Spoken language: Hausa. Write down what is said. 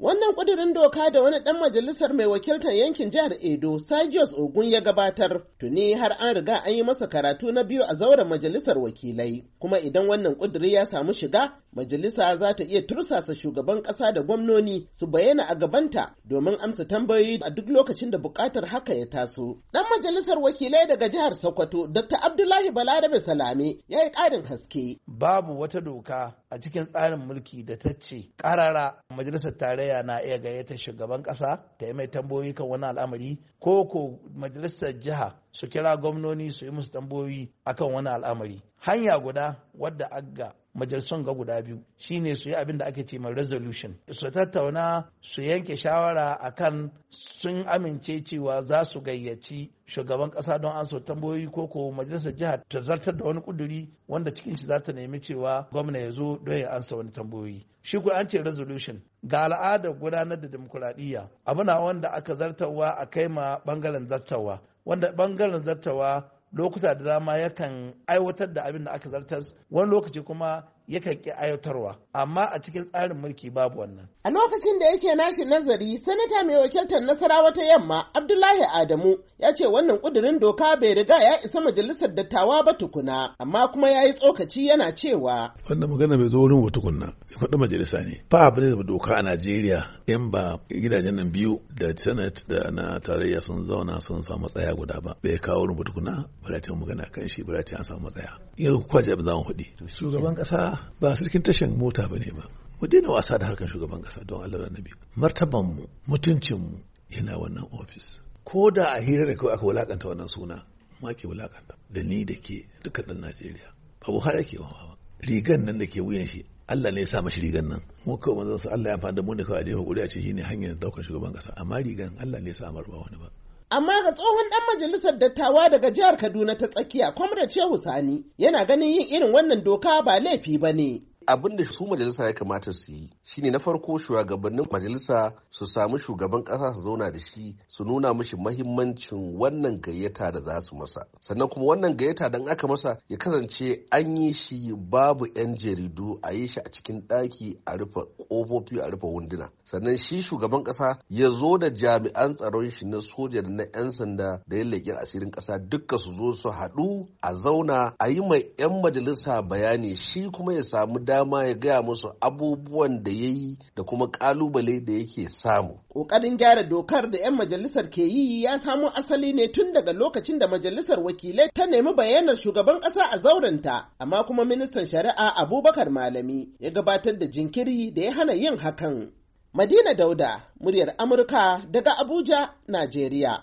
Wannan ƙudurin doka da wani ɗan majalisar mai wakiltar yankin jihar Edo, Sajios Ogun ya gabatar, tuni har an riga an yi masa karatu na biyu a zauren majalisar wakilai. Kuma idan wannan ƙuduri ya samu shiga, majalisa za ta iya tursasa shugaban ƙasa da gwamnoni su bayyana a gabanta domin amsa tambayoyi a duk lokacin da buƙatar haka ya taso. Ɗan majalisar wakilai daga jihar Sokoto, Dr. Abdullahi Balarabe Salame ya yi ƙarin haske. Babu wata doka a cikin tsarin mulki da ta ce ƙarara majalisar tarayya na iya gayyata shugaban ƙasa ta yi mai tambayoyi kan wani al'amari ko ko majalisar jiha su kira gwamnoni su yi musu tambayoyi akan wani al'amari. Hanya guda wadda agga majalisun ga guda biyu shine su yi abin da ake ce resolution su tattauna su yanke shawara akan sun amince cewa za su gayyaci shugaban kasa don an so tambayoyi ko ko majalisar jiha ta zartar da wani kuduri wanda cikin shi za ta nemi cewa gwamna ya zo don ya ansa wani tambayoyi shi ku an ce resolution ga al'adar gudanar da demokuraɗiyya abuna wanda aka zartarwa a kai ma bangaren zartarwa wanda bangaren zartawa. lokuta da dama yakan aiwatar da abin da aka zartas wani lokaci kuma yakan ki ayatarwa amma a cikin tsarin mulki babu wannan a lokacin da yake nashi nazari sanata mai wakiltar nasarawa ta yamma abdullahi adamu ya ce wannan kudirin doka bai riga ya isa majalisar dattawa ba tukuna amma kuma ya yi tsokaci yana cewa wannan magana bai zo wurin ba tukunna ya faɗi majalisa ne ba ne da doka a najeriya in ba gidajen nan biyu da senate da na tarayya sun zauna sun samu tsaya guda ba bai kawo wurin ba tukuna ba ta magana kan shi ba samu matsaya yanzu kwaje ba za mu faɗi shugaban kasa ba sarkin tashan mota ba ne ba mu daina wasa da harkar shugaban kasa don allah da nabi martabanmu mutuncinmu yana wannan ofis ko da a hira da kawai aka wulakanta wannan suna ma ke wulakanta da ni da ke dukkan ɗan najeriya ba buhari ke wawa ba rigan nan da ke wuyan shi Allah ne ya sa mashi rigan nan mu kawai manzon sa Allah ya fada mu ne kawai da yau a ce shine hanyar daukar shugaban kasa amma rigan Allah ne ya sa ba wani ba Amma ga tsohon ɗan majalisar dattawa daga jihar Kaduna ta tsakiya, Kwamrace Shehu Sani, yana ganin yin irin wannan doka ba laifi ba ne. abin da su majalisa ya kamata su yi shine na farko shugabannin majalisa su samu shugaban kasa su zauna da shi su nuna mishi mahimmancin wannan gayyata da za su masa sannan kuma wannan gayyata dan aka masa ya kasance an yi shi babu yan jaridu a yi shi a cikin ɗaki a rufe ƙofofi a rufe wunduna sannan shi shugaban kasa ya zo da jami'an tsaron shi na soja da na 'yan sanda da ya leƙe asirin kasa duka su zo su haɗu a zauna a yi mai 'yan majalisa bayani shi kuma ya samu da dama ya gaya musu abubuwan da ya yi da kuma kalubale da yake samu. Ƙoƙarin gyara dokar da 'yan majalisar ke yi ya samo asali ne tun daga lokacin da majalisar wakilai ta nemi bayanan shugaban ƙasa a zaurenta, amma kuma ministan shari'a Abubakar Malami ya gabatar da jinkiri da ya hana yin hakan. Madina Dauda, muryar Amurka daga Abuja, Najeriya.